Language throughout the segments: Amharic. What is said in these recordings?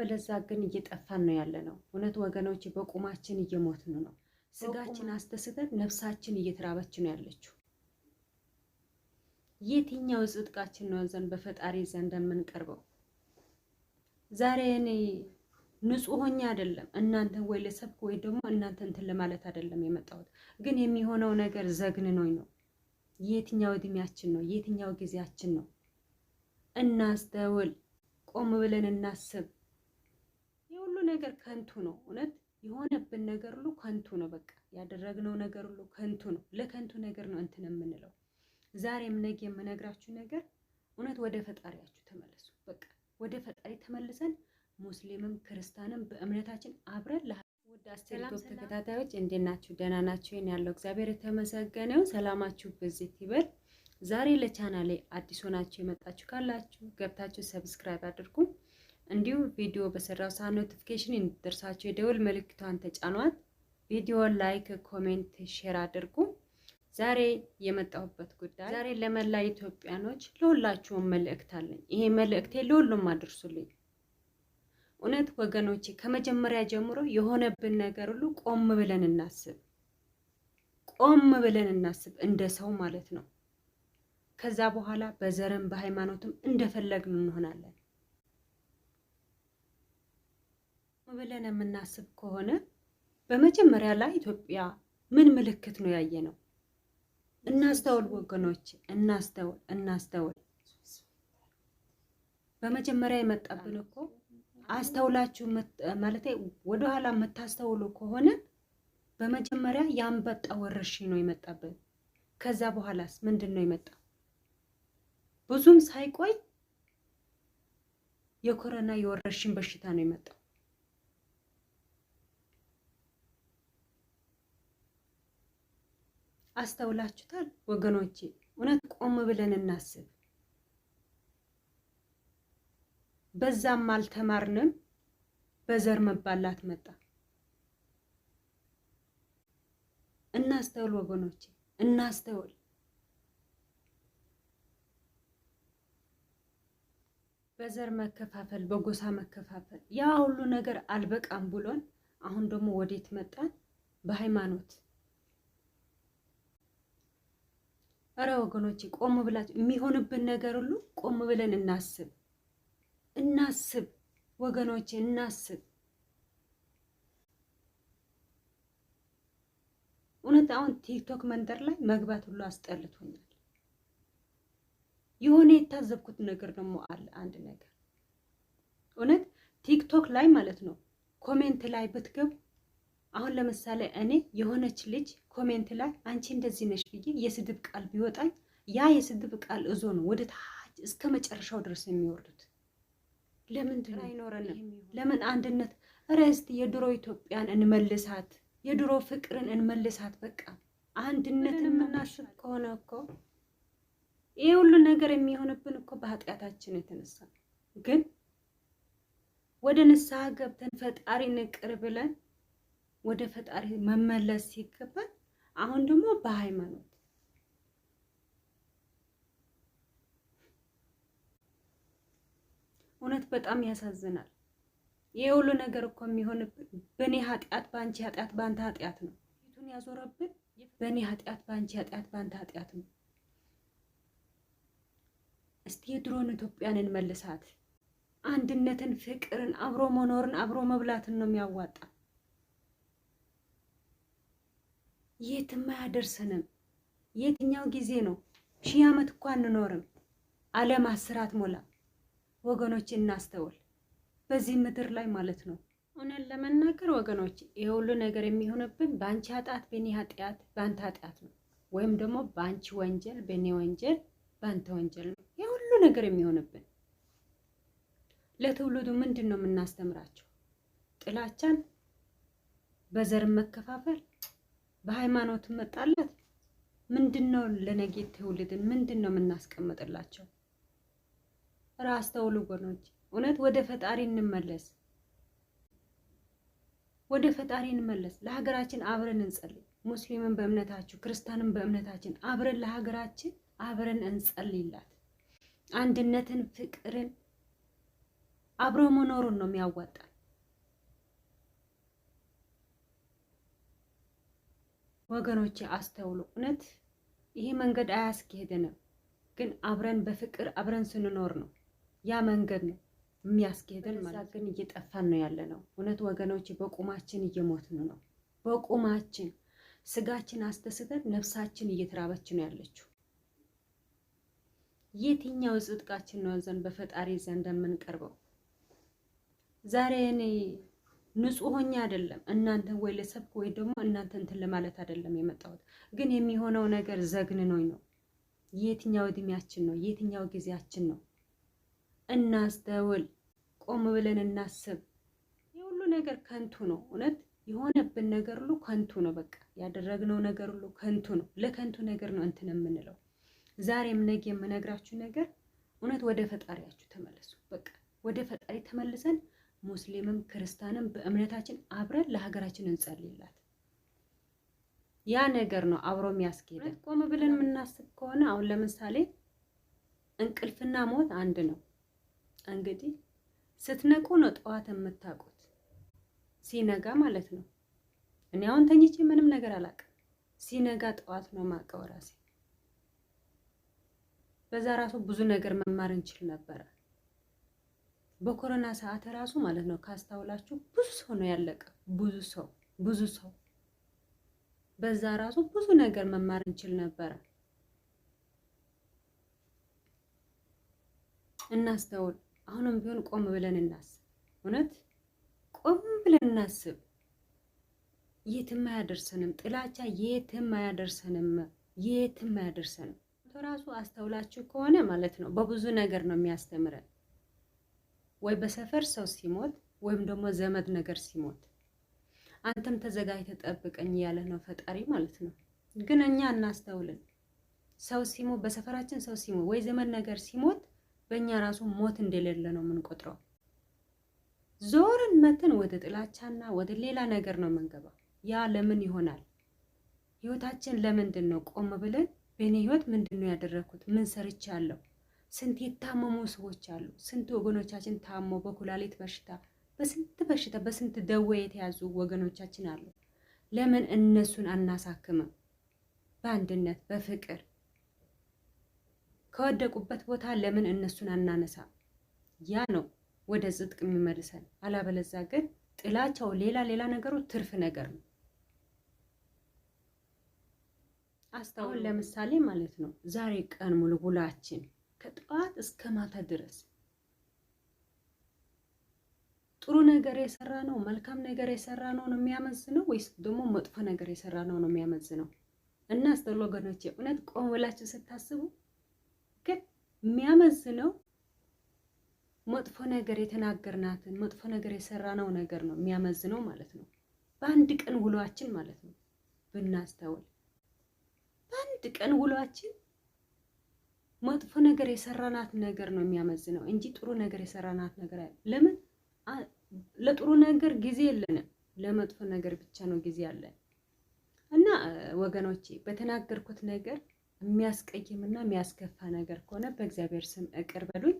በለዛ ግን እየጠፋን ነው ያለ ነው። እውነት ወገኖች በቁማችን እየሞትን ነው። ስጋችን አስደስተን ነፍሳችን እየተራበች ነው ያለችው። የትኛው ጽድቃችን ነው ዘንድ በፈጣሪ ዘንድ የምንቀርበው? ዛሬ እኔ ንጹህ ሆኜ አይደለም እናንተን ወይ ለሰብክ ወይ ደግሞ እናንተ እንትን ለማለት አይደለም የመጣሁት፣ ግን የሚሆነው ነገር ዘግንኖኝ ነው። የትኛው እድሜያችን ነው? የትኛው ጊዜያችን ነው? እናስተውል። ቆም ብለን እናስብ። ነገር ከንቱ ነው። እውነት የሆነብን ነገር ሁሉ ከንቱ ነው። በቃ ያደረግነው ነገር ሁሉ ከንቱ ነው። ለከንቱ ነገር ነው እንትን የምንለው። ዛሬም ነገ የምነግራችሁ ነገር እውነት ወደ ፈጣሪያችሁ ተመለሱ። በቃ ወደ ፈጣሪ ተመልሰን ሙስሊምም ክርስቲያንም በእምነታችን አብረን ውድ አስቴሪቶ ተከታታዮች እንዴት ናችሁ? ደህና ናችሁ? ይህን ያለው እግዚአብሔር የተመሰገነው ሰላማችሁ ብዝት ይበል። ዛሬ ለቻናሌ አዲስ ሆናችሁ የመጣችሁ ካላችሁ ገብታችሁ ሰብስክራይብ አድርጉ። እንዲሁም ቪዲዮ በሰራው ሰዓት ኖቲፊኬሽን እንድደርሳቸው የደውል ምልክቷን ተጫኗት። ቪዲዮ ላይክ፣ ኮሜንት፣ ሼር አድርጉ። ዛሬ የመጣሁበት ጉዳይ ዛሬ ለመላ ኢትዮጵያኖች ለሁላችሁም መልእክት አለኝ። ይሄ መልእክቴ ለሁሉም አድርሱልኝ። እውነት ወገኖቼ ከመጀመሪያ ጀምሮ የሆነብን ነገር ሁሉ ቆም ብለን እናስብ፣ ቆም ብለን እናስብ እንደ ሰው ማለት ነው። ከዛ በኋላ በዘርም በሃይማኖትም እንደፈለግን እንሆናለን። ብለን የምናስብ ከሆነ በመጀመሪያ ላይ ኢትዮጵያ ምን ምልክት ነው ያየ ነው? እናስተውል ወገኖች፣ እናስተውል፣ እናስተውል። በመጀመሪያ የመጣብን እኮ አስተውላችሁ ማለት ወደኋላ የምታስተውሉ ከሆነ በመጀመሪያ የአንበጣ ወረርሽኝ ነው የመጣብን። ከዛ በኋላስ ምንድን ነው የመጣው? ብዙም ሳይቆይ የኮሮና የወረርሽኝ በሽታ ነው የመጣው። አስተውላችሁታል ወገኖቼ? እውነት ቆም ብለን እናስብ። በዛም አልተማርንም፣ በዘር መባላት መጣ። እናስተውል ወገኖቼ፣ እናስተውል። በዘር መከፋፈል፣ በጎሳ መከፋፈል ያ ሁሉ ነገር አልበቃም ብሎን አሁን ደግሞ ወዴት መጣን? በሃይማኖት እረ ወገኖች ቆም ብላችሁ የሚሆንብን ነገር ሁሉ ቆም ብለን እናስብ እናስብ ወገኖች እናስብ። እውነት አሁን ቲክቶክ መንደር ላይ መግባት ሁሉ አስጠልቶኛል። የሆነ የታዘብኩት ነገር ደግሞ አለ። አንድ ነገር እውነት ቲክቶክ ላይ ማለት ነው ኮሜንት ላይ ብትገቡ አሁን ለምሳሌ እኔ የሆነች ልጅ ኮሜንት ላይ አንቺ እንደዚህ ነሽ ብዬ የስድብ ቃል ቢወጣኝ ያ የስድብ ቃል እዞ ነው ወደ ታች እስከ መጨረሻው ድረስ የሚወርዱት። ለምን አይኖረንም? ለምን አንድነት ረስት የድሮ ኢትዮጵያን እንመልሳት፣ የድሮ ፍቅርን እንመልሳት። በቃ አንድነት የምናስብ ከሆነ እኮ ይህ ሁሉ ነገር የሚሆንብን እኮ በኃጢአታችን የተነሳ ግን ወደ ንስሐ ገብተን ፈጣሪ ንቅር ብለን ወደ ፈጣሪ መመለስ ሲገባል። አሁን ደግሞ በሃይማኖት እውነት በጣም ያሳዝናል። ይህ ሁሉ ነገር እኮ የሚሆንብን በእኔ ኃጢአት፣ በአንቺ ኃጢአት፣ በአንተ ኃጢአት ነው። ፊቱን ያዞረብን በእኔ ኃጢአት፣ በአንቺ ኃጢአት፣ በአንተ ኃጢአት ነው። እስቲ የድሮን ኢትዮጵያንን መልሳት። አንድነትን፣ ፍቅርን፣ አብሮ መኖርን፣ አብሮ መብላትን ነው የሚያዋጣ የትም አያደርስንም። የትኛው ጊዜ ነው? ሺህ ዓመት እኮ አንኖርም። ዓለም አስራት ሞላ። ወገኖች እናስተውል። በዚህ ምድር ላይ ማለት ነው። እውነት ለመናገር ወገኖች፣ ይህ ሁሉ ነገር የሚሆንብን በአንቺ ኃጢአት፣ በኔ ኃጢአት፣ በአንተ ኃጢአት ነው። ወይም ደግሞ በአንቺ ወንጀል፣ በእኔ ወንጀል፣ በአንተ ወንጀል ነው ይህ ሁሉ ነገር የሚሆንብን። ለትውልዱ ምንድን ነው የምናስተምራቸው? ጥላቻን፣ በዘር መከፋፈል በሃይማኖት መጣላት ምንድን ነው? ለነገ ትውልድን ምንድን ነው የምናስቀምጥላቸው? ራስ ተውሉ ጎኖች፣ እውነት ወደ ፈጣሪ እንመለስ፣ ወደ ፈጣሪ እንመለስ። ለሀገራችን አብረን እንጸልይ። ሙስሊምን በእምነታችሁ ክርስቲያንን በእምነታችን አብረን ለሀገራችን አብረን እንጸልይላት። አንድነትን፣ ፍቅርን፣ አብሮ መኖሩን ነው የሚያዋጣ? ወገኖቼ አስተውሉ። እውነት ይሄ መንገድ አያስኬሄደንም፣ ግን አብረን በፍቅር አብረን ስንኖር ነው ያ መንገድ ነው የሚያስኬሄደን። ማለት ግን እየጠፋን ነው ያለ ነው። እውነት ወገኖቼ በቁማችን እየሞትን ነው። በቁማችን ስጋችን አስደስተን ነፍሳችን እየተራበች ነው ያለችው። የትኛው ጽድቃችን ነው ዘንድ በፈጣሪ ዘንድ የምንቀርበው ዛሬ እኔ ንጹህ ሆኜ አይደለም እናንተን ወይ ለሰብክ ወይ ደግሞ እናንተ እንትን ለማለት አይደለም የመጣሁት። ግን የሚሆነው ነገር ዘግንኖኝ ነው። የትኛው እድሜያችን ነው? የትኛው ጊዜያችን ነው? እናስተውል፣ ቆም ብለን እናስብ። የሁሉ ነገር ከንቱ ነው። እውነት የሆነብን ነገር ሁሉ ከንቱ ነው። በቃ ያደረግነው ነገር ሁሉ ከንቱ ነው። ለከንቱ ነገር ነው እንትን የምንለው። ዛሬም ነገ የምነግራችሁ ነገር እውነት ወደ ፈጣሪያችሁ ተመለሱ። በቃ ወደ ፈጣሪ ተመልሰን ሙስሊምም ክርስቲያንም በእምነታችን አብረን ለሀገራችን እንጸልይላት። ያ ነገር ነው አብሮ የሚያስኬደን። ቆም ብለን የምናስብ ከሆነ አሁን ለምሳሌ እንቅልፍና ሞት አንድ ነው። እንግዲህ ስትነቁ ነው ጠዋት የምታውቁት፣ ሲነጋ ማለት ነው። እኔ አሁን ተኝቼ ምንም ነገር አላውቅም። ሲነጋ ጠዋት ነው ማቀው ራሴ። በዛ ራሱ ብዙ ነገር መማር እንችል ነበረ። በኮሮና ሰዓት ራሱ ማለት ነው ካስታውላችሁ ብዙ ሰው ነው ያለቀ። ብዙ ሰው ብዙ ሰው በዛ ራሱ ብዙ ነገር መማር እንችል ነበረ። እናስተውል። አሁንም ቢሆን ቆም ብለን እናስብ። እውነት ቆም ብለን እናስብ። የትም አያደርሰንም ጥላቻ፣ የትም አያደርሰንም፣ የትም አያደርሰንም። ራሱ አስተውላችሁ ከሆነ ማለት ነው በብዙ ነገር ነው የሚያስተምረን ወይ በሰፈር ሰው ሲሞት ወይም ደግሞ ዘመድ ነገር ሲሞት አንተም ተዘጋጅተህ ጠብቀኝ ያለ ነው ፈጣሪ ማለት ነው። ግን እኛ እናስተውልን። ሰው ሲሞት በሰፈራችን ሰው ሲሞት ወይ ዘመድ ነገር ሲሞት በእኛ ራሱ ሞት እንደሌለ ነው የምንቆጥረው። ዞርን መትን ወደ ጥላቻና ወደ ሌላ ነገር ነው የምንገባው። ያ ለምን ይሆናል? ህይወታችን ለምንድን ነው? ቆም ብለን በእኔ ህይወት ምንድን ነው ያደረኩት? ምን ሰርቻለሁ? ስንት የታመሙ ሰዎች አሉ። ስንት ወገኖቻችን ታሞ በኩላሊት በሽታ በስንት በሽታ በስንት ደዌ የተያዙ ወገኖቻችን አሉ። ለምን እነሱን አናሳክምም? በአንድነት በፍቅር ከወደቁበት ቦታ ለምን እነሱን አናነሳም? ያ ነው ወደ ጽድቅ የሚመልሰን። አላበለዛ ግን ጥላቸው ሌላ ሌላ ነገሩ ትርፍ ነገር ነው። አስታውን ለምሳሌ ማለት ነው ዛሬ ቀን ሙሉ ውላችን ከጠዋት እስከ ማታ ድረስ ጥሩ ነገር የሰራ ነው መልካም ነገር የሰራ ነው ነው የሚያመዝነው ወይስ ደግሞ መጥፎ ነገር የሰራ ነው ነው የሚያመዝነው? እና አስተሎ ወገኖች እውነት ቆም ብላችሁ ስታስቡ ግን የሚያመዝነው መጥፎ ነገር የተናገርናትን መጥፎ ነገር የሰራነው ነገር ነው የሚያመዝነው ማለት ነው። በአንድ ቀን ውሏችን ማለት ነው ብናስተውል በአንድ ቀን ውሏችን መጥፎ ነገር የሰራናት ነገር ነው የሚያመዝነው እንጂ ጥሩ ነገር የሰራናት ነገር አይደለም። ለምን ለጥሩ ነገር ጊዜ የለንም። ለመጥፎ ነገር ብቻ ነው ጊዜ ያለን። እና ወገኖቼ በተናገርኩት ነገር የሚያስቀይምና የሚያስከፋ ነገር ከሆነ በእግዚአብሔር ስም እቅር በሉኝ።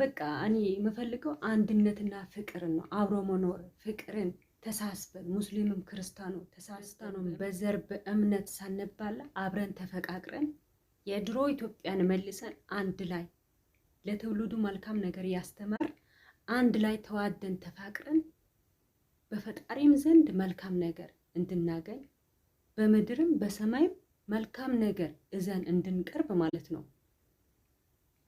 በቃ እኔ የምፈልገው አንድነትና ፍቅርን ነው፣ አብሮ መኖር ፍቅርን፣ ተሳስበን ሙስሊምም ክርስቲያኑ ተሳስታኑም በዘር በእምነት ሳንባላ አብረን ተፈቃቅረን የድሮ ኢትዮጵያን መልሰን አንድ ላይ ለትውልዱ መልካም ነገር ያስተማር አንድ ላይ ተዋደን ተፋቅረን በፈጣሪም ዘንድ መልካም ነገር እንድናገኝ በምድርም በሰማይም መልካም ነገር እዘን እንድንቀርብ ማለት ነው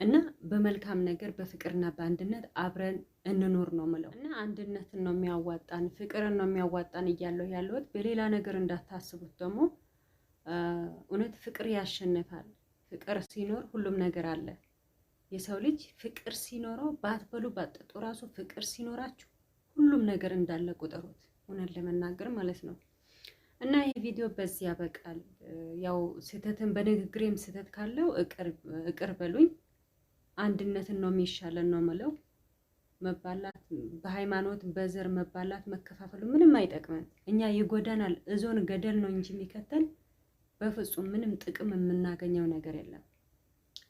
እና በመልካም ነገር በፍቅርና በአንድነት አብረን እንኖር ነው ምለው እና አንድነትን ነው የሚያዋጣን፣ ፍቅርን ነው የሚያዋጣን እያለሁ ያለሁት። በሌላ ነገር እንዳታስቡት ደግሞ እውነት ፍቅር ያሸንፋል። ፍቅር ሲኖር ሁሉም ነገር አለ። የሰው ልጅ ፍቅር ሲኖረው ባትበሉ ባትጠጡ ራሱ ፍቅር ሲኖራችሁ ሁሉም ነገር እንዳለ ቁጠሩት። እውነት ለመናገር ማለት ነው። እና ይህ ቪዲዮ በዚህ ያበቃል። ያው ስህተትን በንግግሬም ስህተት ካለው እቅር በሉኝ። አንድነትን ነው የሚሻለን ነው ምለው። መባላት በሃይማኖት በዘር መባላት መከፋፈሉ ምንም አይጠቅመን። እኛ ይጎዳናል። እዞን ገደል ነው እንጂ የሚከተል በፍጹም ምንም ጥቅም የምናገኘው ነገር የለም።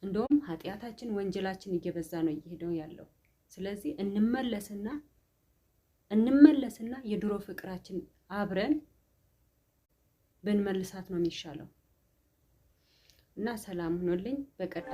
እንደውም ኃጢአታችን፣ ወንጀላችን እየበዛ ነው እየሄደው ያለው። ስለዚህ እንመለስና እንመለስና የድሮ ፍቅራችን አብረን ብንመልሳት ነው የሚሻለው እና ሰላም ሆኖልኝ በቀጣይ